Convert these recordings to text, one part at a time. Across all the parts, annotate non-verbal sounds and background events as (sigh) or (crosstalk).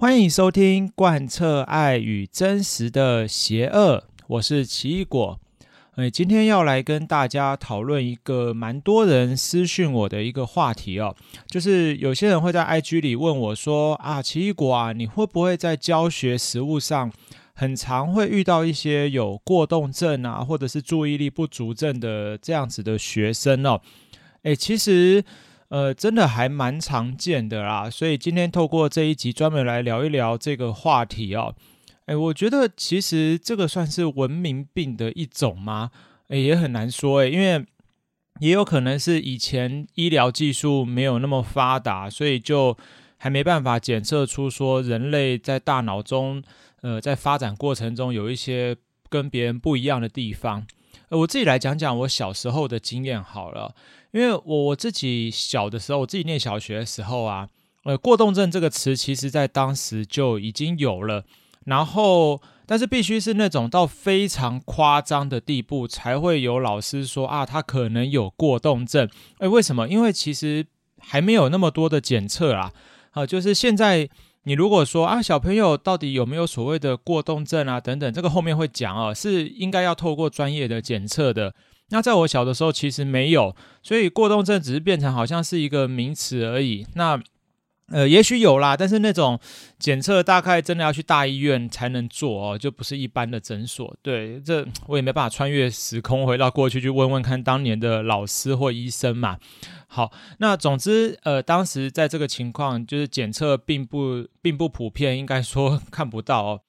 歡迎收聽《貫徹愛與真實的邪惡》，我是奇異果。哎，今天要來跟大家討論一個蠻多人私訊我的一個話題哦，就是有些人會在 IG 裡問我說：“啊，奇異果啊，你會不會在教學實務上，很常會遇到一些有過動症啊，或者是注意力不足症的這樣子的學生哦？”哎，其實。呃，真的還蠻常見的啦，所以今天透過這一集專門來聊一聊這個話題哦。誒，我覺得其實這個算是文明病的一種嗎？誒，也很難說誒，因為也有可能是以前醫療技術沒有那麼發達，所以就還沒辦法檢測出說人類在大腦中，呃，在發展過程中有一些跟別人不一樣的地方。呃，我自己來講講我小時候的經驗好了。因為我我自己小的時候，我自己念小學的時候啊，呃，過動症這個詞，其實在當時就已經有了。然後，但是必須是那種到非常誇張的地步，才會有老師說啊，他可能有過動症。誒，為什麼？因為其實還沒有那麼多的檢測啦、啊。啊、呃，就是現在你如果說啊，小朋友到底有沒有所謂的過動症啊，等等，這個後面會講啊，是應該要透過專業的檢測的。那在我小的時候，其實沒有，所以過動症只是變成好像是一個名詞而已。那，呃，也許有啦，但是那種檢測大概真的要去大醫院才能做哦，就不是一般的診所。對，這我也沒辦法穿越時空回到過去去問問看當年的老師或醫生嘛。好，那總之，呃，當時在這個情況，就是檢測並不並不普遍，應該說看不到哦。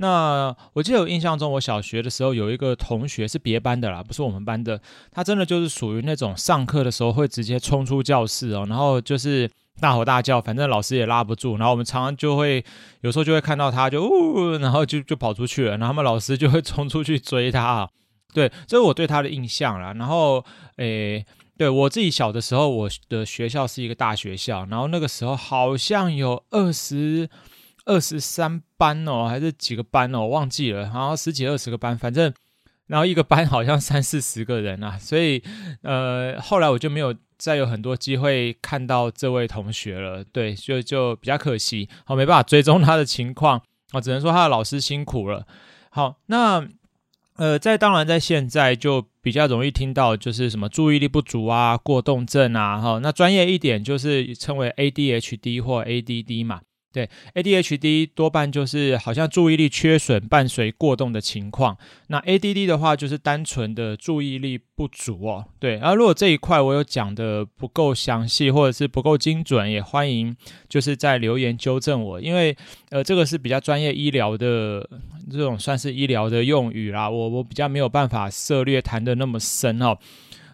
那我記得我印象中，我小學的時候有一個同學是別班的啦，不是我們班的。他真的就是屬於那種上課的時候會直接衝出教室哦，然後就是大吼大叫，反正老師也拉不住。然後我們常常就會有時候就會看到他就嗚、哦，然後就就跑出去了。然後他們老師就會衝出去追他。對，這是我對他的印象啦。然後誒，對我自己小的時候，我的學校是一個大學校，然後那個時候好像有二十。二十三班哦，還是幾個班哦，忘記了。然後十幾二十個班，反正然後一個班好像三四十個人啊。所以呃，後來我就沒有再有很多機會看到這位同學了。對，就就比較可惜，好、哦、沒辦法追蹤他的情況啊、哦，只能說他的老師辛苦了。好，那呃，在當然在現在就比較容易聽到就是什麼注意力不足啊、過動症啊，好、哦、那專業一點就是稱為 ADHD 或 ADD 嘛。對，ADHD 多半就是好像注意力缺損伴隨過動的情況。那 ADD 的話就是單純的注意力不足哦。對，然後，啊，如果這一塊我有講得不夠詳細或者是不夠精準，也歡迎就是在留言糾正我，因為呃這個是比較專業醫療的這種算是醫療的用語啦，我我比較沒有辦法涉獵談得那麼深哦。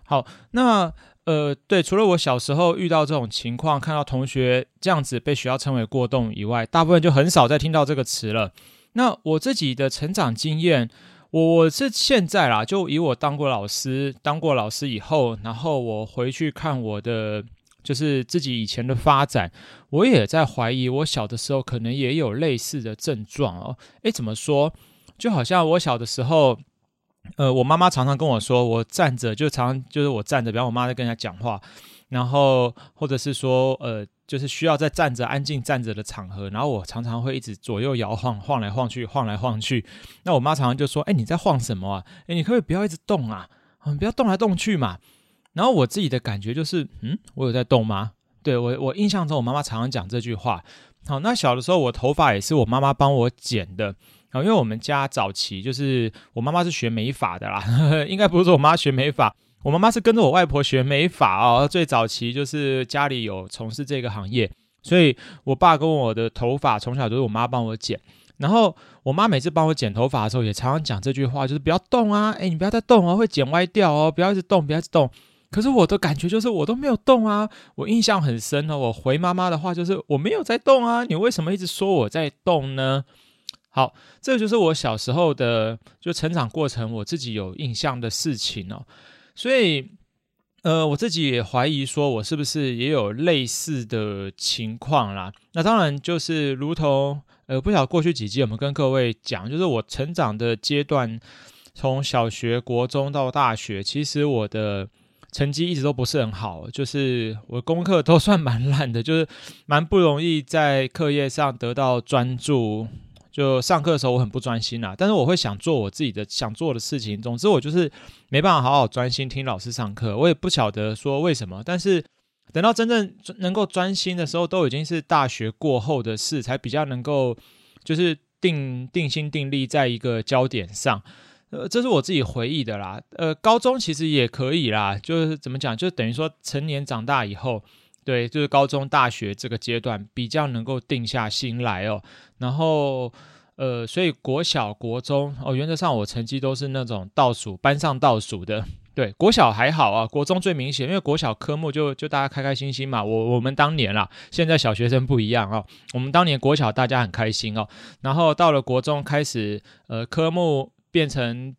好，那。呃，對，除了我小時候遇到這種情況，看到同學這樣子被學校稱為過動以外，大部分就很少再聽到這個詞了。那我自己的成長經驗，我我是現在啦，就以我當過老師，當過老師以後，然後我回去看我的，就是自己以前的發展，我也在懷疑，我小的時候可能也有類似的症狀哦。誒，怎麼說？就好像我小的時候。呃，我媽媽常常跟我說，我站着就常常就是我站着，比方我媽在跟人家講話，然後或者是說呃，就是需要在站着安靜站着的場合，然後我常常會一直左右搖晃，晃來晃去，晃來晃去。那我媽常常就說：“哎，你在晃什麼啊？哎，你可不可以不要一直動啊？嗯、啊，不要動來動去嘛。”然後我自己的感覺就是，嗯，我有在動嗎？對我，我印象中我媽媽常常講這句話。好，那小的時候我頭髮也是我媽媽幫我剪的。然後、哦、因為我們家早期就是我媽媽是學美髮的啦，呵呵，應該不是說我媽學美髮，我媽媽是跟着我外婆學美髮哦。最早期就是家裡有從事這個行業，所以我爸跟我的頭髮從小都是我媽幫我剪。然後我媽每次幫我剪頭髮的時候，也常常講這句話，就是不要動啊，誒、欸、你不要再動哦，會剪歪掉哦，不要一直動，不要一直動。可是我的感覺就是我都沒有動啊，我印象很深哦，我回媽媽的話就是我沒有在動啊，你為什麼一直說我在動呢？好，這個、就是我小時候的，就成長過程我自己有印象的事情哦。所以，呃，我自己也懷疑說，我是不是也有類似的情況啦？那當然就是，如同呃，不曉得過去幾集有沒有跟各位講，就是我成長的階段，從小學、國中到大學，其實我的成績一直都不是很好，就是我功課都算蠻爛的，就是蠻不容易在課業上得到專注。就上課的時候，我很不專心啦、啊，但是我會想做我自己的想做的事情。總之，我就是沒辦法好好專心聽老師上課，我也不曉得說為什麼。但是等到真正能夠專心的時候，都已經是大學過後的事，才比較能夠就是定定心定力在一個焦點上。呃，這是我自己回憶的啦。呃，高中其實也可以啦，就是怎麼講，就等於說成年長大以後。對，就是高中、大學這個階段比較能夠定下心來哦。然後，呃，所以國小、國中哦，原則上我成績都是那種倒數、班上倒數的。對，國小還好啊，國中最明顯，因為國小科目就就大家開開心心嘛。我我們當年啦，現在小學生不一樣哦，我們當年國小大家很開心哦，然後到了國中開始，呃，科目變成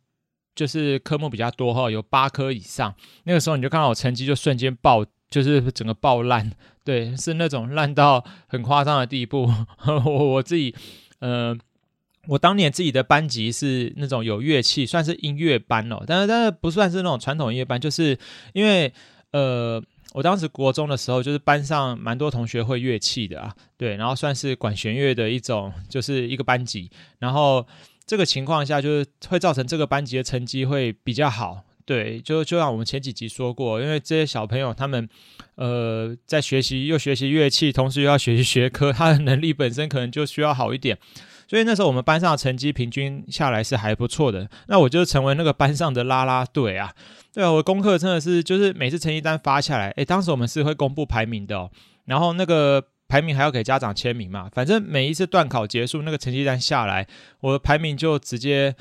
就是科目比較多哦，有八科以上。那個時候你就看到我成績就瞬間爆，就是整個爆爛，對，是那種爛到很誇張的地步。呵呵，我我自己，呃，我當年自己的班級是那種有樂器，算是音樂班哦，但是但是不算是那種傳統音樂班，就是因為，呃，我當時國中的時候，就是班上蠻多同學會樂器的啊，對，然後算是管弦樂的一種，就是一個班級，然後這個情況下就是會造成這個班級的成績會比較好。對，就就像我們前幾集說過，因為這些小朋友他們，呃，在學習又學習樂器，同時又要學習學科，他的能力本身可能就需要好一點，所以那時候我們班上的成績平均下來是還不錯的。那我就成為那個班上的啦啦隊啊，對啊，我的功課真的是就是每次成績單發下來，誒，當時我們是會公布排名的哦，然後那個排名還要給家長簽名嘛，反正每一次段考結束，那個成績單下來，我的排名就直接。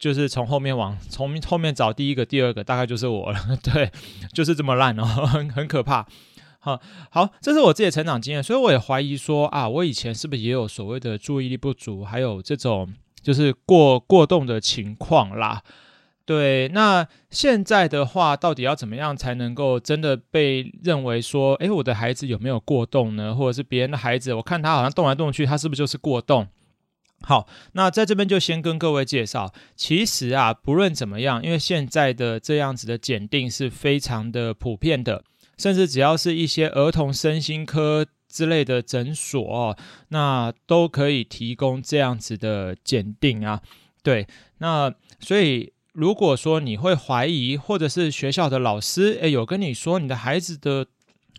就是從後面往，從後面找第一個，第二個，大概就是我了，對，就是這麼爛哦，很很可怕。好，好，這是我自己的成長經驗，所以我也懷疑說啊，我以前是不是也有所謂的注意力不足，還有這種就是過過動的情況啦？對，那現在的話，到底要怎麼樣才能夠真的被認為說，誒，我的孩子有沒有過動呢？或者是別人的孩子，我看他好像動來動去，他是不是就是過動？好，那在這邊就先跟各位介紹。其實啊，不論怎麼樣，因為現在的這樣子的檢定是非常的普遍的，甚至只要是一些兒童身心科之類的診所，那都可以提供這樣子的檢定啊。對，那所以如果說你會懷疑，或者是學校的老師，欸，有跟你說你的孩子的。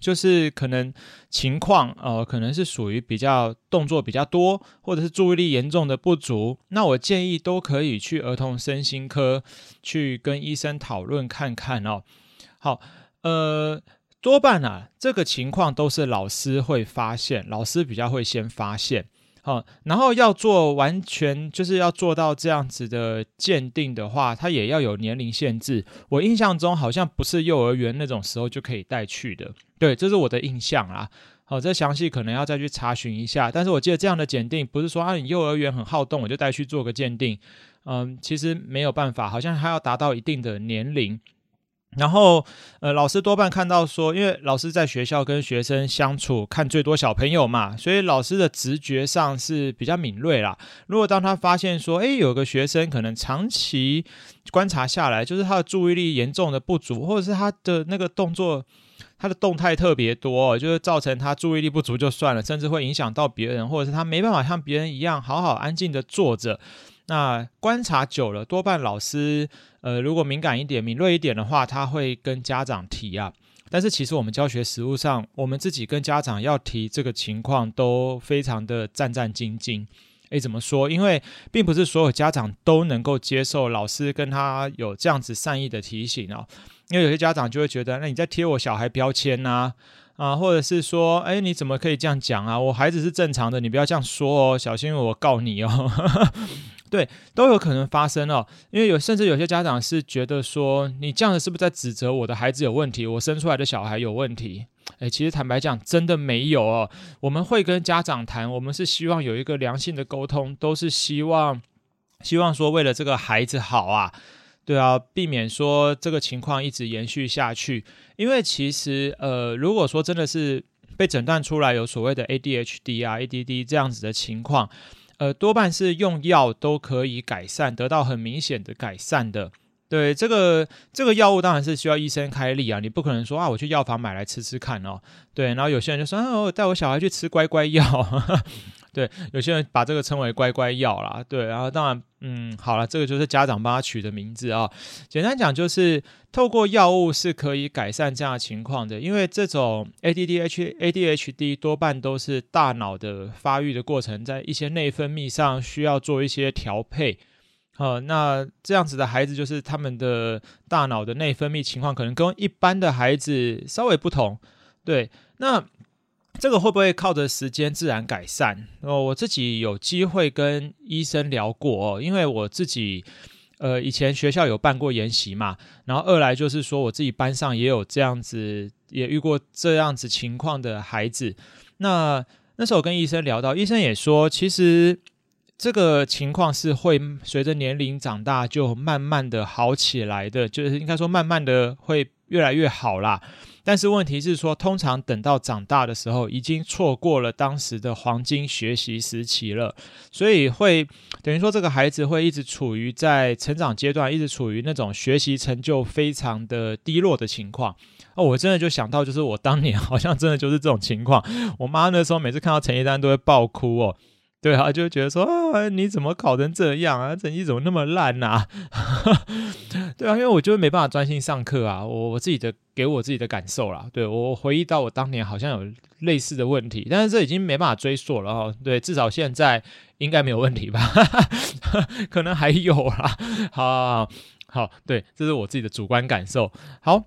就是可能情況，呃，可能是屬於比較動作比較多，或者是注意力嚴重的不足。那我建議都可以去兒童身心科去跟醫生討論看看哦。好，呃，多半啊，這個情況都是老師會發現，老師比較會先發現。好，然後要做完全就是要做到這樣子的鑑定的話，它也要有年齡限制。我印象中好像不是幼兒園那種時候就可以帶去的，對，這是我的印象啦。好，這詳細可能要再去查詢一下。但是我記得這樣的鑑定不是說啊，你幼兒園很好動，我就帶去做個鑑定。嗯，其實沒有辦法，好像還要達到一定的年齡。然後，呃，老師多半看到說，因為老師在學校跟學生相處，看最多小朋友嘛，所以老師的直覺上是比較敏銳啦。如果當他發現說，誒，有個學生可能長期觀察下來，就是他的注意力嚴重的不足，或者是他的那個動作，他的動態特別多，就是造成他注意力不足就算了，甚至會影響到別人，或者是他沒辦法像別人一樣好好安靜的坐着。那觀察久了，多半老師呃，如果敏感一點、敏銳一點的話，他會跟家長提啊。但是其實我們教學實務上，我們自己跟家長要提這個情況，都非常的戰戰兢兢。誒，怎麼說？因為並不是所有家長都能夠接受老師跟他有這樣子善意的提醒哦。因為有些家長就會覺得，那你在貼我小孩標籤吶？啊，或者是說，誒，你怎麼可以這樣講啊？我孩子是正常的，你不要這樣說哦，小心我告你哦。 (laughs) 對，都有可能發生哦。因為有，甚至有些家長是覺得說，你這樣子是不是在指責我的孩子有問題？我生出來的小孩有問題？誒，其實坦白講，真的沒有哦。我們會跟家長談，我們是希望有一個良性的溝通，都是希望，希望說為了這個孩子好啊，對啊，避免說這個情況一直延續下去。因為其實，呃，如果說真的是被診斷出來有所謂的 ADHD 啊、ADD 這樣子的情況。呃，多半是用藥都可以改善，得到很明顯的改善的。對，這個這個藥物當然是需要醫生開立啊，你不可能說啊，我去藥房買來吃吃看哦。對，然後有些人就說，哦、啊，我帶我小孩去吃乖乖藥。 (laughs) 對，有些人把這個稱為乖乖藥啦，對，然後當然，嗯，好了，這個就是家長幫他取的名字啊。簡單講，就是透過藥物是可以改善這樣的情況的，因為這種 ADDH、ADHD 多半都是大腦的發育的過程，在一些內分泌上需要做一些調配。啊、呃，那這樣子的孩子，就是他們的大腦的內分泌情況可能跟一般的孩子稍微不同。對，那。這個會不會靠着時間自然改善？哦，我自己有機會跟醫生聊過哦，因為我自己，呃，以前學校有辦過研習嘛，然後二來就是說我自己班上也有這樣子，也遇過這樣子情況的孩子。那那時候跟醫生聊到，醫生也說，其實。這個情況是會隨着年齡長大就慢慢的好起來的，就是應該說慢慢的會越來越好啦。但是問題是說，通常等到長大的時候，已經錯過了當時的黃金學習時期了，所以會等於說這個孩子會一直處於在成長階段，一直處於那種學習成就非常的低落的情況。哦，我真的就想到，就是我當年好像真的就是這種情況。我媽那時候每次看到成績單都會爆哭哦。對啊，就覺得說啊，你怎麼考成這樣啊？成績怎麼那麼爛啊！ (laughs) 對啊，因為我就沒辦法專心上課啊。我，我自己的，給我自己的感受啦。對，我回憶到我當年好像有類似的問題，但是這已經沒辦法追溯了哈。對，至少現在應該沒有問題吧？ (laughs) 可能還有啦。好好好，好，好，對，這是我自己的主觀感受。好，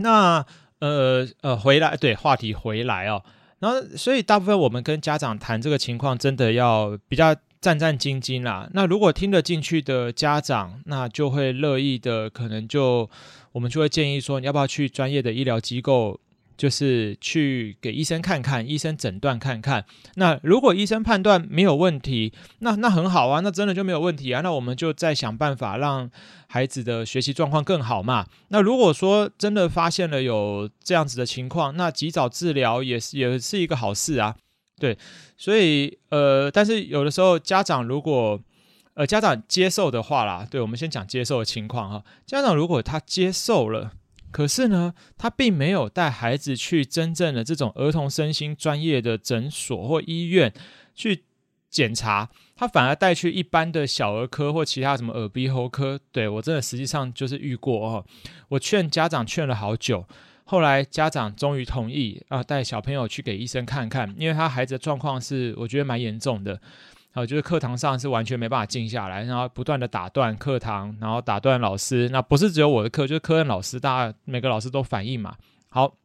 那呃呃，回來，對，話題回來哦。然後，所以大部分我們跟家長談這個情況，真的要比較戰戰兢兢啦、啊。那如果聽得進去的家長，那就會樂意的，可能就我們就會建議說，你要不要去專業的醫療機構？就是去給醫生看看，醫生診斷看看。那如果醫生判斷沒有問題，那那很好啊，那真的就沒有問題啊。那我們就再想辦法讓孩子的學習狀況更好嘛。那如果說真的發現了有這樣子的情況，那及早治療也是也是一個好事啊。對，所以呃，但是有的時候家長如果呃家長接受的話啦，對，我們先講接受的情況哈。家長如果他接受了。可是呢，他並沒有帶孩子去真正的這種兒童身心專業的診所或醫院去檢查，他反而帶去一般的小兒科或其他什麼耳鼻喉科。對我真的實際上就是遇過哦，我勸家長勸了好久，後來家長終於同意啊、呃，帶小朋友去給醫生看看，因為他孩子的狀況是我覺得蠻嚴重的。呃，就是課堂上是完全沒辦法靜下來，然後不斷的打斷課堂，然後打斷老師。那不是只有我的課，就是科任老師，大家每個老師都反映嘛。好，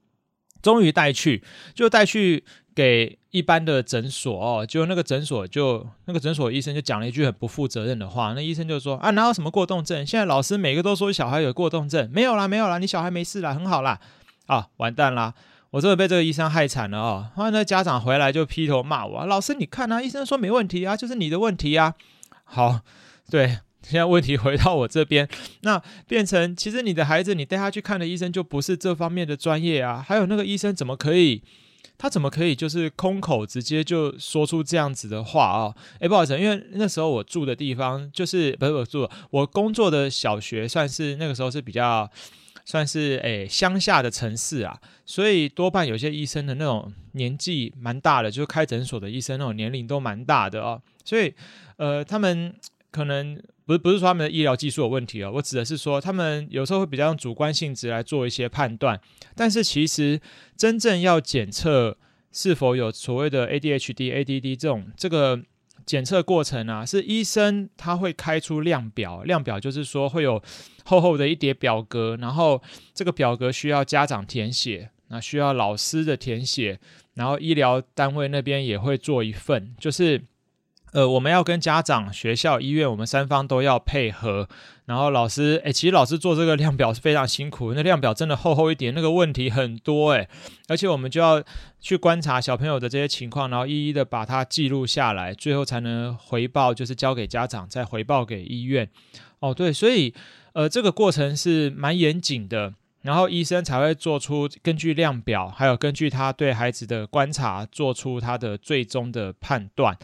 終於帶去，就帶去給一般的診所哦。就那個診所，就那個診所，醫生就講了一句很不負責任的話，那醫生就說啊，哪有什麼過動症？現在老師每個都說小孩有過動症，沒有啦，沒有啦，你小孩沒事啦，很好啦。啊，完蛋啦！我真的被這個醫生害慘了哦。後來那家長回來就劈頭罵我啊：“老師，你看啊，醫生說沒問題啊，就是你的問題啊。”好，對，現在問題回到我這邊，那變成其實你的孩子，你帶他去看的醫生，就不是這方面的專業啊。還有那個醫生怎麼可以？他怎麼可以就是空口直接就說出這樣子的話啊哦？哎，不好意思，因為那時候我住的地方就是不是我住了，我工作的小學算是那個時候是比較。算是誒鄉下的城市啊，所以多半有些醫生的那種年紀蠻大的，就是開診所的醫生那種年齡都蠻大的哦，所以呃他們可能不是不是說他們的醫療技術有問題哦，我指的是說他們有時候會比較用主觀性質來做一些判斷，但是其實真正要檢測是否有所謂的 ADHD、ADD 這種這個。檢測過程啊，是醫生他會開出量表，量表就是說會有厚厚的一疊表格，然後這個表格需要家長填寫，那需要老師的填寫，然後醫療單位那邊也會做一份，就是。呃，我們要跟家長、學校、醫院，我們三方都要配合。然後老師，哎，其實老師做這個量表是非常辛苦。那量表真的厚厚一點，那個問題很多哎。而且我們就要去觀察小朋友的這些情況，然後一一的把它記錄下來，最後才能回報，就是交給家長，再回報給醫院。哦，對，所以呃，這個過程是蠻嚴謹的。然後醫生才會做出根據量表，還有根據他對孩子的觀察，做出他的最終的判斷。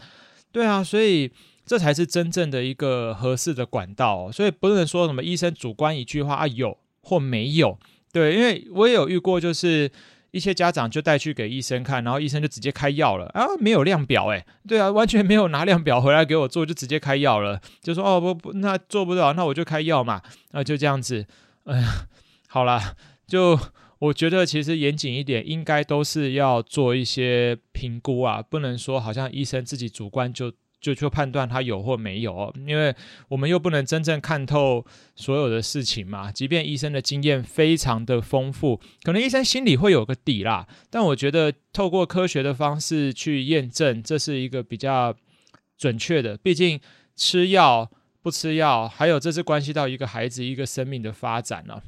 對啊，所以這才是真正的一個合適的管道哦，所以不能說什麼醫生主觀一句話啊，有或沒有，對，因為我也有遇過，就是一些家長就帶去給醫生看，然後醫生就直接開藥了啊，沒有量表誒。對啊，完全沒有拿量表回來給我做，就直接開藥了，就說哦不不，那做不到，那我就開藥嘛，啊就這樣子，哎呀，好啦，就。我覺得其實嚴謹一點，應該都是要做一些評估啊，不能說好像醫生自己主觀就就就判斷他有或沒有哦，因為我們又不能真正看透所有的事情嘛。即便醫生的經驗非常的豐富，可能醫生心裡會有個底啦，但我覺得透過科學的方式去驗證，這是一個比較準確的。畢竟吃藥不吃藥，還有這是關係到一個孩子一個生命的發展了啊。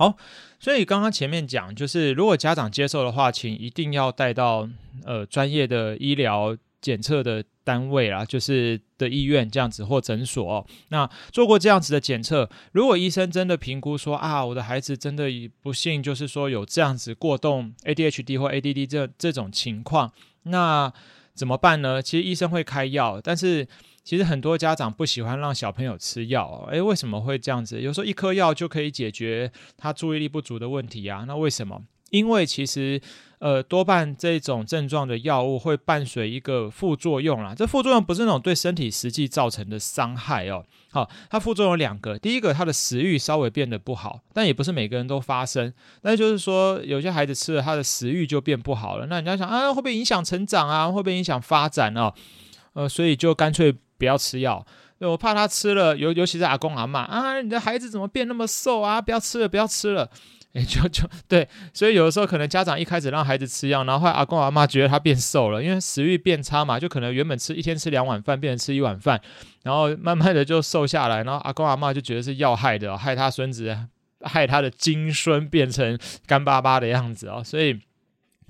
好、哦，所以剛剛前面講，就是如果家長接受的話，請一定要帶到呃專業的醫療檢測的單位啦、啊，就是的醫院這樣子或診所、哦。那做過這樣子的檢測，如果醫生真的評估說啊，我的孩子真的不幸就是說有這樣子過動 ADHD 或 ADD 這這種情況，那怎麼辦呢？其實醫生會開藥，但是。其實很多家長不喜歡讓小朋友吃藥、哦，哎，為什麼會這樣子？有時候一顆藥就可以解決他注意力不足的問題啊，那為什麼？因為其實，呃，多半這種症狀的藥物會伴隨一個副作用啦、啊。這副作用不是那種對身體實際造成的傷害哦。好、哦，它副作用有兩個，第一個它的食慾稍微變得不好，但也不是每個人都發生。那就是說，有些孩子吃了他的食慾就變不好了。那人家想啊，會不會影響成長啊？會不會影響發展啊？呃，所以就乾脆。不要吃藥，我怕他吃了，尤尤其是阿公阿嬤啊，你的孩子怎麼變那麼瘦啊？不要吃了，不要吃了，哎，就就對，所以有的時候可能家長一開始讓孩子吃藥，然後，後阿公阿嬤覺得他變瘦了，因為食欲變差嘛，就可能原本吃一天吃兩碗飯，變成吃一碗飯，然後慢慢的就瘦下來，然後阿公阿嬤就覺得是藥害的、哦，害他孫子，害他的金孫變成乾巴巴的樣子哦。所以。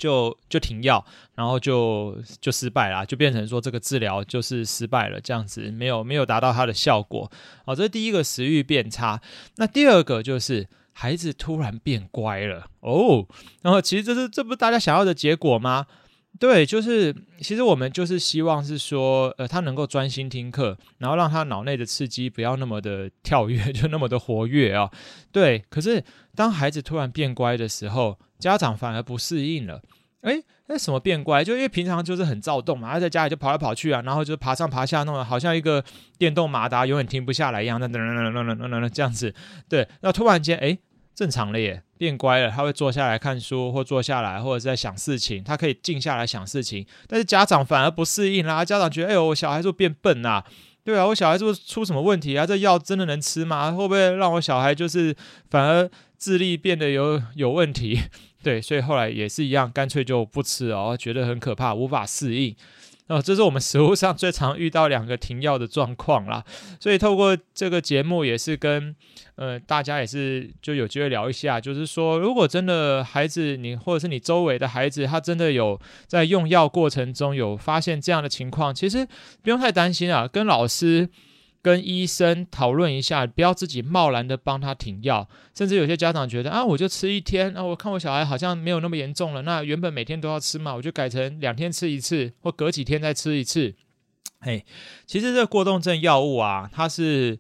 就就停藥，然後就就失敗啦、啊，就變成說這個治療就是失敗了，這樣子沒有沒有達到它的效果。好、哦，這是第一個食慾變差。那第二個就是孩子突然變乖了哦，然後，哦，其實這是這不是大家想要的結果嗎？對，就是其實我們就是希望是說，呃，他能夠專心聽課，然後讓他腦內的刺激不要那麼的跳躍，就那麼的活躍啊。對，可是當孩子突然變乖的時候，家長反而不適應了。誒，那什麼變乖？就因為平常就是很躁動嘛，他在家裡就跑來跑去啊，然後就爬上爬下弄得，好像一個電動馬達永遠停不下來一樣，那等等等等等等噔這樣子。對，那突然間，誒。正常了耶，變乖了。他會坐下來看書，或坐下來，或者在想事情。他可以靜下來想事情。但是家長反而不適應啦，家長覺得，哎呦，我小孩是不是變笨啦？對啊，我小孩是不是出什麼問題啊？這藥真的能吃嗎？會不會讓我小孩就是反而智力變得有有問題？對，所以後來也是一樣，乾脆就不吃哦，覺得很可怕，無法適應。哦，這是我們實務上最常遇到兩個停藥的狀況啦，所以透過這個節目也是跟呃大家也是就有機會聊一下，就是說如果真的孩子你或者是你周圍的孩子，他真的有在用藥過程中有發現這樣的情況，其實不用太擔心啊，跟老師。跟醫生討論一下，不要自己貿然的幫他停藥。甚至有些家長覺得啊，我就吃一天啊，我看我小孩好像沒有那麼嚴重了。那原本每天都要吃嘛，我就改成兩天吃一次，或隔幾天再吃一次。哎，其實這個過動症藥物啊，它是，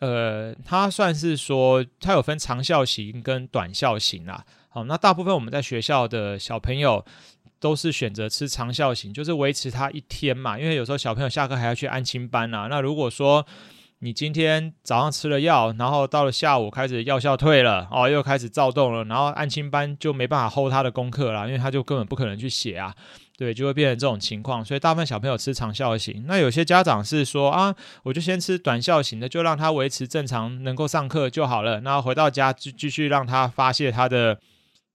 呃，它算是說它有分長效型跟短效型啦啊。好，那大部分我們在學校的小朋友。都是選擇吃長效型，就是維持它一天嘛，因為有時候小朋友下課還要去安親班吶、啊。那如果說你今天早上吃了藥，然後到了下午開始藥效退了哦，又開始躁動了，然後安親班就沒辦法 hold 他的功課了，因為他就根本不可能去寫啊，對，就會變成這種情況。所以大部分小朋友吃長效型。那有些家長是說啊，我就先吃短效型的，就讓他維持正常，能夠上課就好了。那回到家就繼續讓他發洩他的。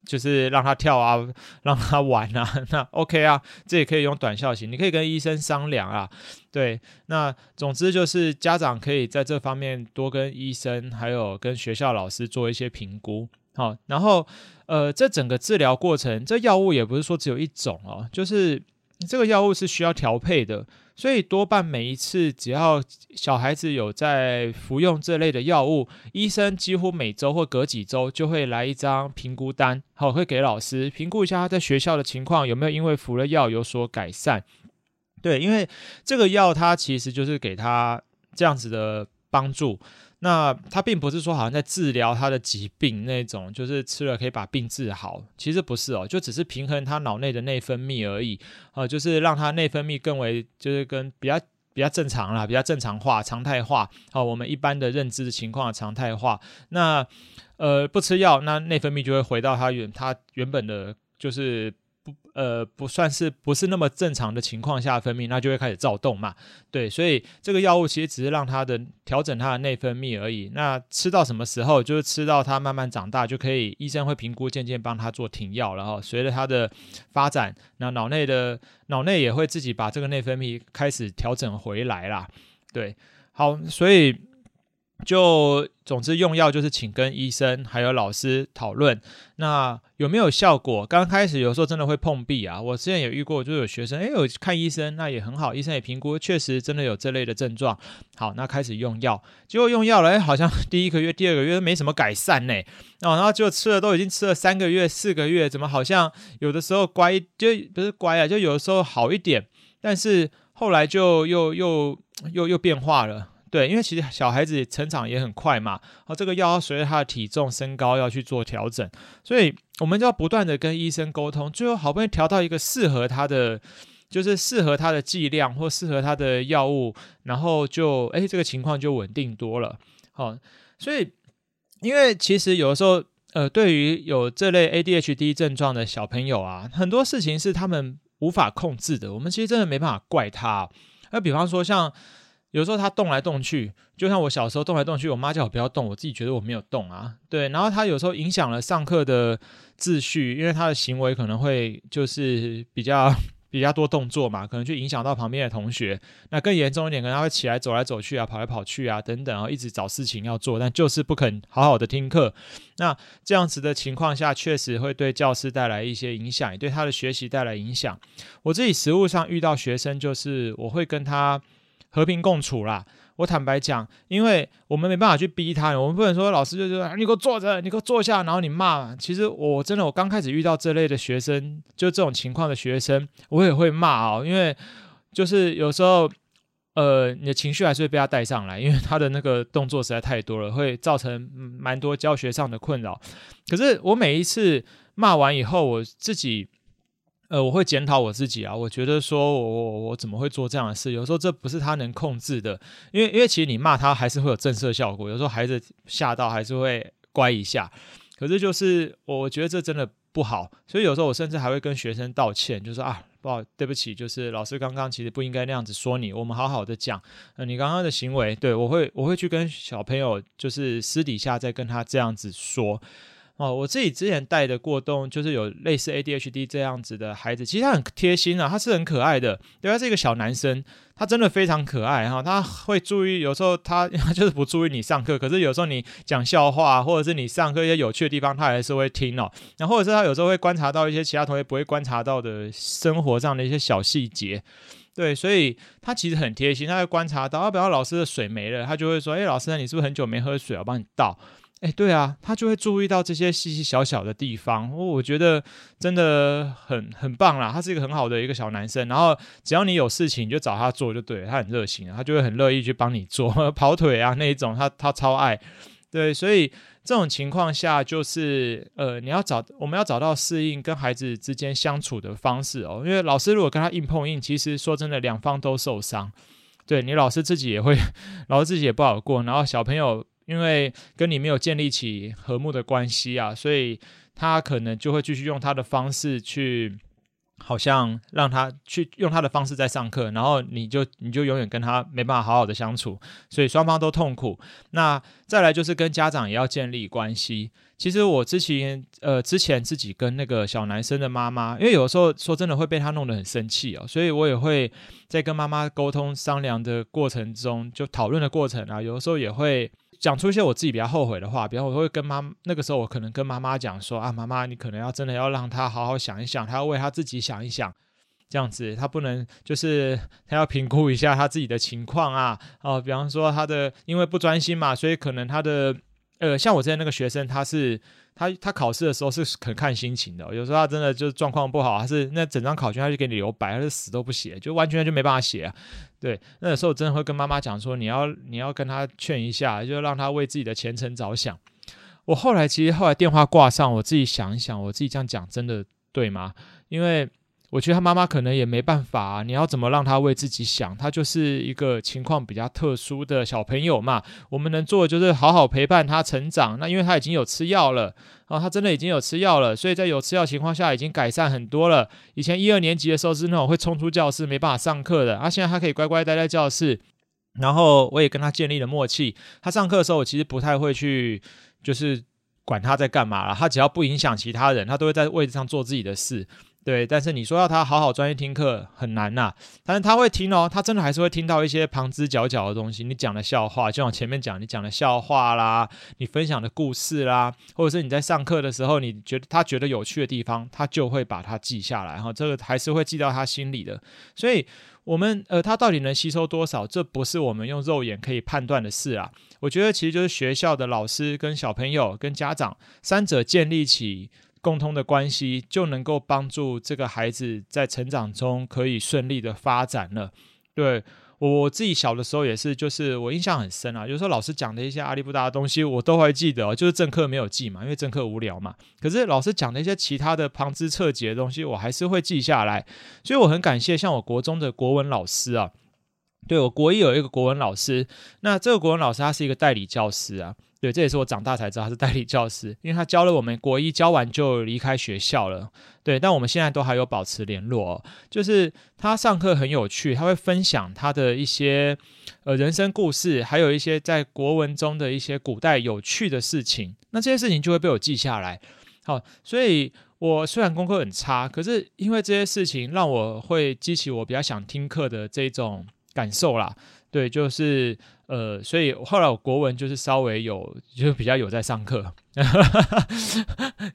就是讓他跳啊，讓他玩啊，那 OK 啊，這也可以用短效型，你可以跟醫生商量啊，對，那總之就是家長可以在這方面多跟醫生還有跟學校老師做一些評估，好，然後呃，這整個治療過程，這藥物也不是說只有一種哦、啊，就是這個藥物是需要調配的。所以多半每一次只要小孩子有在服用這類的藥物，醫生幾乎每周或隔幾周就會來一張評估單，好，會給老師評估一下他在學校的情況，有沒有因為服了藥有所改善。對，因為這個藥它其實就是給他這樣子的幫助。那它並不是說好像在治療他的疾病那種，就是吃了可以把病治好，其實不是哦，就只是平衡他腦內的內分泌而已，呃，就是讓他內分泌更為就是跟比較比較正常啦，比較正常化、常態化。好，呃，我們一般的認知情況的常態化。那呃不吃藥，那內分泌就會回到它原它原本的，就是。不，呃，不算是不是那麼正常的情況下分泌，那就會開始躁動嘛，對，所以這個藥物其實只是讓他的調整他的內分泌而已。那吃到什麼時候，就是吃到他慢慢長大就可以，醫生會評估，漸漸幫他做停藥，哦，然後隨着他的發展，那腦內的腦內也會自己把這個內分泌開始調整回來啦。對，好，所以。就總之用藥就是請跟醫生還有老師討論，那有沒有效果？剛開始有時候真的會碰壁啊。我之前也遇過，就有學生，哎，我看醫生，那也很好，醫生也評估，確實真的有這類的症狀。好，那開始用藥，結果用藥了，哎，好像第一個月、第二個月都沒什麼改善呢。哦，然後就吃了，都已經吃了三個月、四個月，怎麼好像有的時候乖，就不是乖啊，就有的時候好一點，但是後來就又又又又變化了。對，因為其實小孩子成長也很快嘛，啊，這個藥要隨着他的體重、身高要去做調整，所以我們就要不斷的跟醫生溝通，最後好不容易調到一個適合他的，就是適合他的劑量或適合他的藥物，然後就哎，這個情況就穩定多了。好，所以因為其實有的時候，呃，對於有這類 ADHD 症狀的小朋友啊，很多事情是他們無法控制的，我們其實真的沒辦法怪他。那比方說像。有時候他動來動去，就像我小時候動來動去，我媽叫我不要動，我自己覺得我沒有動啊，對。然後他有時候影響了上課的秩序，因為他的行為可能會就是比較比較多動作嘛，可能就影響到旁邊的同學。那更嚴重一點，可能他會起來走來走去啊，跑來跑去啊，等等啊，然後一直找事情要做，但就是不肯好好的聽課。那這樣子的情況下，確實會對教師帶來一些影響，也對他的學習帶來影響。我自己實務上遇到學生，就是我會跟他。和平共處啦。我坦白講，因為我們沒辦法去逼他，我們不能說老師就是說你給我坐着，你給我坐下，然後你罵。其實我真的，我剛開始遇到這類的學生，就這種情況的學生，我也會罵哦、喔。因為就是有時候，呃，你的情緒還是會被他帶上來，因為他的那個動作實在太多了，會造成蠻多教學上的困擾。可是我每一次罵完以後，我自己。呃，我會檢討我自己啊。我覺得說我我我怎麼會做這樣的事？有時候這不是他能控制的，因為因為其實你罵他還是會有震懾效果。有時候孩子嚇到還是會乖一下，可是就是我覺得這真的不好。所以有時候我甚至還會跟學生道歉，就是啊，不好，對不起，就是老師剛剛其實不應該那樣子說你。我們好好的講，呃，你剛剛的行為，對，我會我會去跟小朋友，就是私底下再跟他這樣子說。哦，我自己之前帶的過動就是有類似 ADHD 這樣子的孩子，其實他很貼心啊，他是很可愛的，對，因為他是一個小男生，他真的非常可愛哈、哦，他會注意，有時候他他就是不注意你上課，可是有時候你講笑話或者是你上課一些有趣的地方，他還是會聽哦，然後或者是他有時候會觀察到一些其他同學不會觀察到的生活上的一些小細節，對，所以他其實很貼心，他會觀察到，啊，不要老師的水沒了，他就會說，誒、欸，老師，你是不是很久沒喝水？我幫你倒。誒、欸，對啊，他就會注意到這些細細小小的地方，我我覺得真的很很棒啦。他是一個很好的一個小男生，然後只要你有事情，就找他做就對，他很熱心，他就會很樂意去幫你做跑腿啊那一種，他他超愛。對，所以這種情況下就是，呃，你要找我們要找到適應跟孩子之間相處的方式哦，因為老師如果跟他硬碰硬，其實說真的，兩方都受傷。對，你老師自己也會，老師自己也不好過，然後小朋友。因為跟你沒有建立起和睦的關係啊，所以他可能就會繼續用他的方式去，好像讓他去用他的方式在上課，然後你就你就永遠跟他沒辦法好好的相處，所以雙方都痛苦。那再來就是跟家長也要建立關係。其實我之前呃之前自己跟那個小男生的媽媽，因為有時候說真的會被他弄得很生氣哦，所以我也會在跟媽媽溝通商量的過程中，就討論的過程啊，有的時候也會。講出一些我自己比較後悔的話，比方我會跟媽，那個時候我可能跟媽媽講說啊，媽媽你可能要真的要讓他好好想一想，他要為他自己想一想，這樣子他不能，就是他要評估一下他自己的情況啊，哦，啊，比方說他的，因為不專心嘛，所以可能他的。呃，像我之前那個學生他，他是他他考試的時候是很看心情的。有時候他真的就是狀況不好，他是那整張考卷，他就給你留白，他就死都不寫，就完全就沒辦法寫啊。對，那有時候我真的會跟媽媽講說，你要你要跟他勸一下，就讓他為自己的前程着想。我後來其實後來電話掛上，我自己想一想，我自己這樣講真的對嗎？因為。我覺得他媽媽可能也沒辦法啊，你要怎麼讓他為自己想？他就是一個情況比較特殊的小朋友嘛。我們能做的就是好好陪伴他成長。那因為他已經有吃藥了啊，他真的已經有吃藥了，所以在有吃藥情況下已經改善很多了。以前一二年級的時候是那種會衝出教室沒辦法上課的，啊，現在他可以乖乖待在教室。然後我也跟他建立了默契。他上課的時候我其實不太會去就是管他在幹嘛了。他只要不影響其他人，他都會在位置上做自己的事。對，但是你說要他好好專心聽課很難吶、啊，但是他會聽哦，他真的還是會聽到一些旁枝角角的東西。你講的笑話就像前面講，你講的笑話啦，你分享的故事啦，或者是你在上課的時候，你覺得他覺得有趣的地方，他就會把它記下來，哈，這個還是會記到他心裡的。所以，我們呃，他到底能吸收多少，這不是我們用肉眼可以判斷的事啊。我覺得其實就是學校的老師跟小朋友跟家長三者建立起。共通的關係，就能夠幫助這個孩子在成長中可以順利的發展了。對，我自己小的時候也是，就是我印象很深啊，有時候老師講的一些阿里不達的東西我都會記得，哦，就是正課沒有記嘛，因為正課無聊嘛。可是老師講的一些其他的旁枝側節的東西，我還是會記下來。所以我很感謝像我國中的國文老師啊，對，我國一有一個國文老師，那這個國文老師他是一個代理教師啊。對，這也是我長大才知道他是代理教師，因為他教了我們國一，教完就離開學校了。對，但我們現在都還有保持聯絡哦，就是他上課很有趣，他會分享他的一些呃人生故事，還有一些在國文中的一些古代有趣的事情。那這些事情就會被我記下來。好，所以我雖然功課很差，可是因為這些事情讓我會激起我比較想聽課的這種感受啦。對，就是呃，所以後來我國文就是稍微有，就是比較有在上課，呵呵呵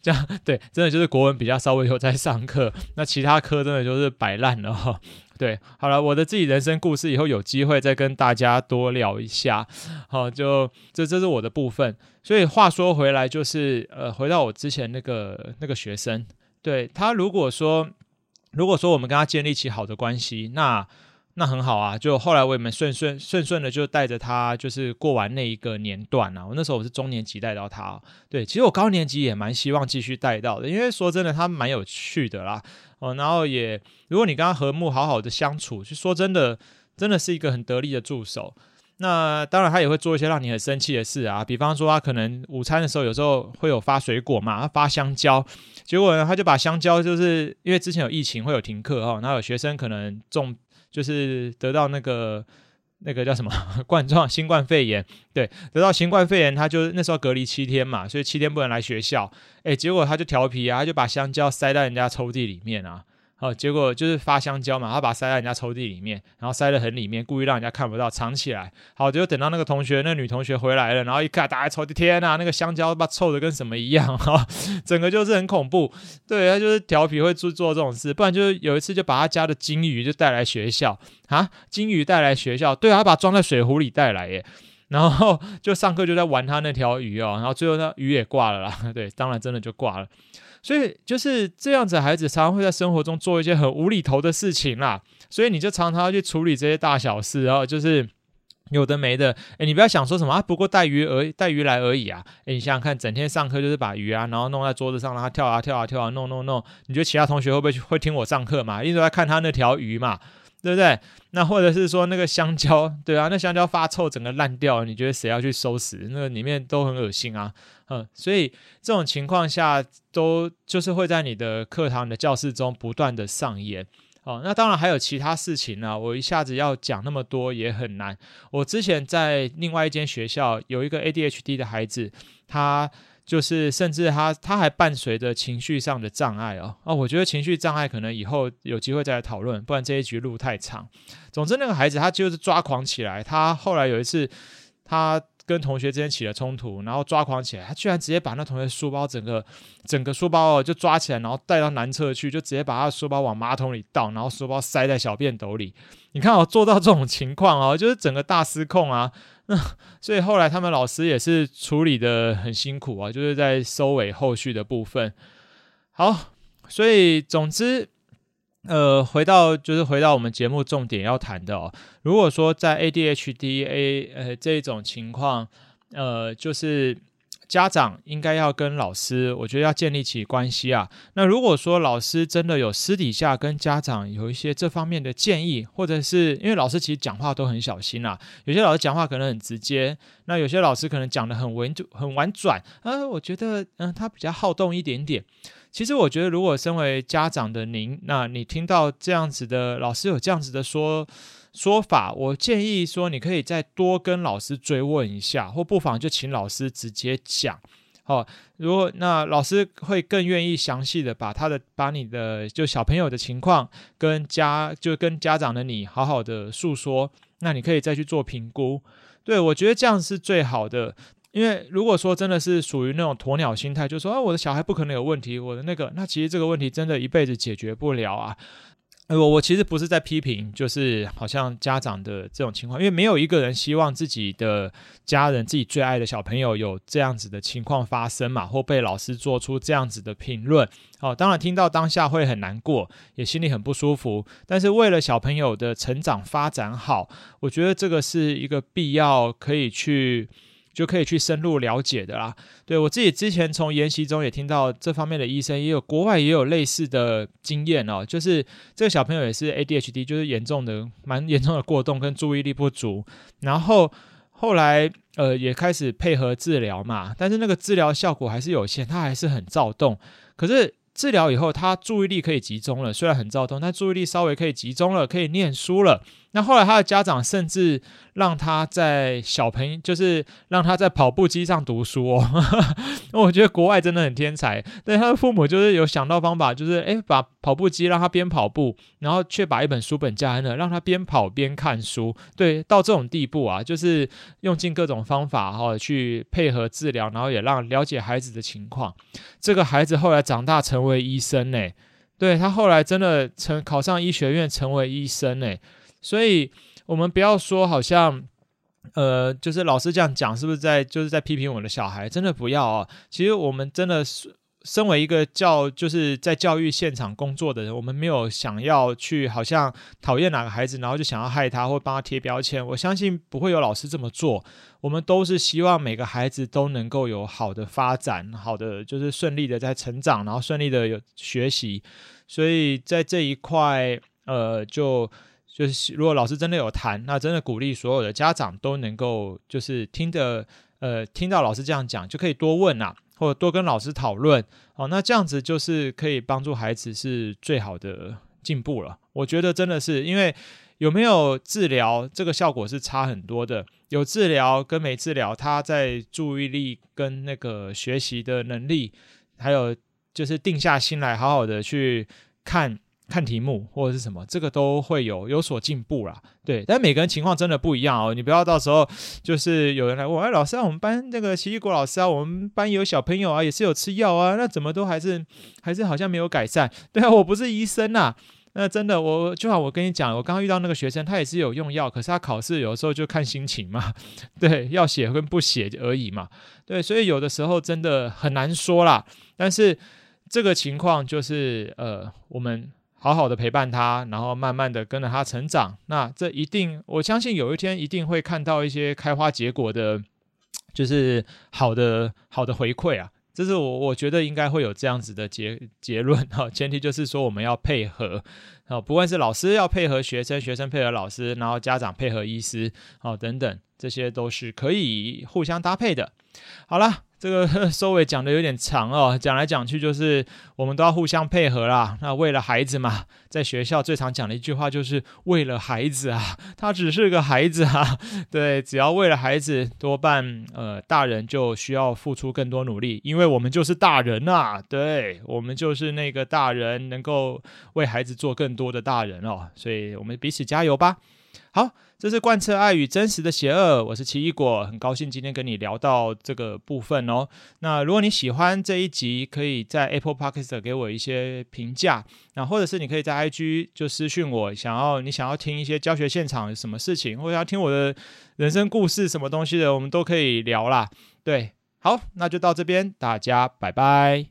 這樣對，真的就是國文比較稍微有在上課，那其他科真的就是擺爛了哈。對，好了，我的自己人生故事以後有機會再跟大家多聊一下，好，就這這是我的部分。所以話說回來，就是呃，回到我之前那個那個學生，對，他如果說如果說我們跟他建立起好的關係，那。那很好啊，就後來我也蠻順順順順的就帶着他，就是過完那一個年段啊，我那時候我是中年級帶到他，啊，對，其實我高年級也蠻希望繼續帶到的，因為說真的，他蠻有趣的啦。哦，然後也，如果你跟他和睦好好的相處，就說真的，真的是一個很得力的助手。那當然他也會做一些讓你很生氣的事啊，比方說他，啊、可能午餐的時候有時候會有發水果嘛，他發香蕉，結果呢他就把香蕉就是因為之前有疫情會有停課哈、哦，然後有學生可能中。就是得到那個那個叫什麼冠狀，新冠肺炎，對，得到新冠肺炎，他就那時候隔離七天嘛，所以七天不能來學校，誒，結果他就調皮啊，他就把香蕉塞到人家抽屜裡面啊。好，結果就是發香蕉嘛，他把他塞在人家抽屜裡面，然後塞得很裡面，故意讓人家看不到，藏起來。好，結果等到那個同學，那女同學回來了，然後一看打開抽屜，天啊，那個香蕉都把臭的跟什麼一樣哈，整個就是很恐怖。對，他就是調皮會做做這種事，不然就是有一次就把他家的金魚就帶來學校啊，金魚帶來學校，對，他把他裝在水壺裡帶來耶。然後就上課就在玩他那條魚哦，然後最後那魚也掛了啦。對，當然真的就掛了。所以就是這樣子，孩子常常會在生活中做一些很無厘頭的事情啦。所以你就常常要去處理這些大小事啊，然後就是有的沒的。誒，你不要想說什麼啊，不過帶魚而帶魚來而已啊。誒，你想想看，整天上課就是把魚啊，然後弄在桌子上，讓它跳啊跳啊跳啊，弄弄弄。你覺得其他同學會不會會聽我上課嘛？一直在看他那條魚嘛？對不對？那或者是說那個香蕉，對啊，那香蕉發臭，整個爛掉，你覺得誰要去收拾？那個裡面都很噁心啊，嗯，所以這種情況下都就是會在你的課堂的教室中不斷的上演。哦，那當然還有其他事情啊，我一下子要講那麼多也很難。我之前在另外一間學校有一個 ADHD 的孩子，他。就是，甚至他他還伴隨着情緒上的障礙哦。啊、哦！我覺得情緒障礙可能以後有機會再來討論，不然這一局錄太長。總之，那個孩子他就是抓狂起來。他後來有一次，他跟同學之間起了衝突，然後抓狂起來，他居然直接把那同學書包整個整個書包哦就抓起來，然後帶到男廁去，就直接把他的書包往馬桶裡倒，然後書包塞在小便斗裡。你看、哦，我做到這種情況哦，就是整個大失控啊。那、嗯、所以後來他們老師也是處理的很辛苦啊，就是在收尾後續的部分。好，所以總之，呃，回到就是回到我們節目重點要談的哦。如果說在 ADHD A 呃這種情況，呃，就是。家長應該要跟老師，我覺得要建立起關係啊。那如果說老師真的有私底下跟家長有一些這方面的建議，或者是因為老師其實講話都很小心啦，啊，有些老師講話可能很直接，那有些老師可能講得很文很婉轉。啊、呃，我覺得，嗯、呃，他比較好動一點點。其實我覺得，如果身為家長的您，那你聽到這樣子的老師有這樣子的說。說法，我建議說，你可以再多跟老師追問一下，或不妨就請老師直接講。好，哦，如果那老師會更願意詳細的把他的把你的就小朋友的情況跟家就跟家長的你好好的訴說，那你可以再去做評估。對，我覺得這樣是最好的，因為如果說真的是屬於那種鴕鳥心態，就說啊我的小孩不可能有問題，我的那個，那其實這個問題真的一輩子解決不了啊。我、呃、我其實不是在批評，就是好像家長的這種情況，因為沒有一個人希望自己的家人、自己最愛的小朋友有這樣子的情況發生嘛，或被老師做出這樣子的評論。哦，當然聽到當下會很難過，也心裡很不舒服。但是為了小朋友的成長發展好，我覺得這個是一個必要可以去。就可以去深入了解的啦。對，我自己之前從研習中也聽到這方面的醫生也有，國外也有類似的經驗哦，就是這個小朋友也是 ADHD，就是嚴重的、蠻嚴重的過動跟注意力不足，然後後來，呃，也開始配合治療嘛，但是那個治療效果還是有限，他還是很躁動，可是。治療以後，他注意力可以集中了，雖然很躁動，但注意力稍微可以集中了，可以念書了。那後來他的家長甚至讓他在小朋友，就是讓他在跑步機上讀書哦。 (laughs) 我覺得國外真的很天才，對，他的父母就是有想到方法，就是哎，把跑步機讓他邊跑步，然後卻把一本書本架在那，讓他邊跑邊看書。對，到這種地步啊，就是用盡各種方法哈去配合治療，然後也讓了解孩子的情況。這個孩子後來長大成。為醫生呢？對他後來真的成考上醫學院，成為醫生呢。所以，我們不要說好像，呃，就是老師這樣講，是不是在就是在批評我的小孩？真的不要啊、哦！其實我們真的是。身為一個教，就是在教育現場工作的人，我們沒有想要去好像討厭哪個孩子，然後就想要害他或幫他貼標籤。我相信不會有老師這麼做，我們都是希望每個孩子都能夠有好的發展，好的就是順利的在成長，然後順利的有學習。所以在這一塊，呃，就就是如果老師真的有談，那真的鼓勵所有的家長都能夠就是聽的，呃，聽到老師這樣講就可以多問啊。或者多跟老師討論，哦，那這樣子就是可以幫助孩子是最好的進步了。我覺得真的是，因為有沒有治療，這個效果是差很多的。有治療跟沒治療，他在注意力跟那個學習的能力，還有就是定下心來，好好的去看，看題目或者是什麼，這個都會有有所進步啦。對，但每個人情況真的不一樣哦。你不要到時候就是有人來問，哎，老師啊，我們班那個奇異果老師啊，我們班有小朋友啊，也是有吃藥啊，那怎麼都還是還是好像沒有改善。對啊，我不是醫生啊。那真的，我就好，我跟你講，我剛剛遇到那個學生，他也是有用藥，可是他考試有時候就看心情嘛。對，要寫跟不寫而已嘛。對，所以有的時候真的很難說啦。但是這個情況就是，呃，我們。好好的陪伴他，然後慢慢的跟着他成長，那這一定，我相信有一天一定會看到一些開花結果的，就是好的好的回饋啊，這是我我覺得應該會有這樣子的結結論哈。前提就是說我們要配合啊，不管是老師要配合學生，學生配合老師，然後家長配合醫師啊等等，這些都是可以互相搭配的。好啦。這個收尾講得有點長哦，講來講去就是我們都要互相配合啦。那為了孩子嘛，在學校最常講的一句話就是為了孩子啊，他只是個孩子啊。對，只要為了孩子，多半呃大人就需要付出更多努力，因為我們就是大人啊。對，我們就是那個大人，能夠為孩子做更多的大人哦。所以我們彼此加油吧。好，這是貫徹愛與真實的邪惡。我是奇異果，很高興今天跟你聊到這個部分哦。那如果你喜歡這一集，可以在 Apple Podcast 給我一些評價，那或者是你可以在 IG 就私訊我，想要你想要聽一些教學現場什麼事情，或者要聽我的人生故事什麼東西的，我們都可以聊啦。對，好，那就到這邊，大家拜拜。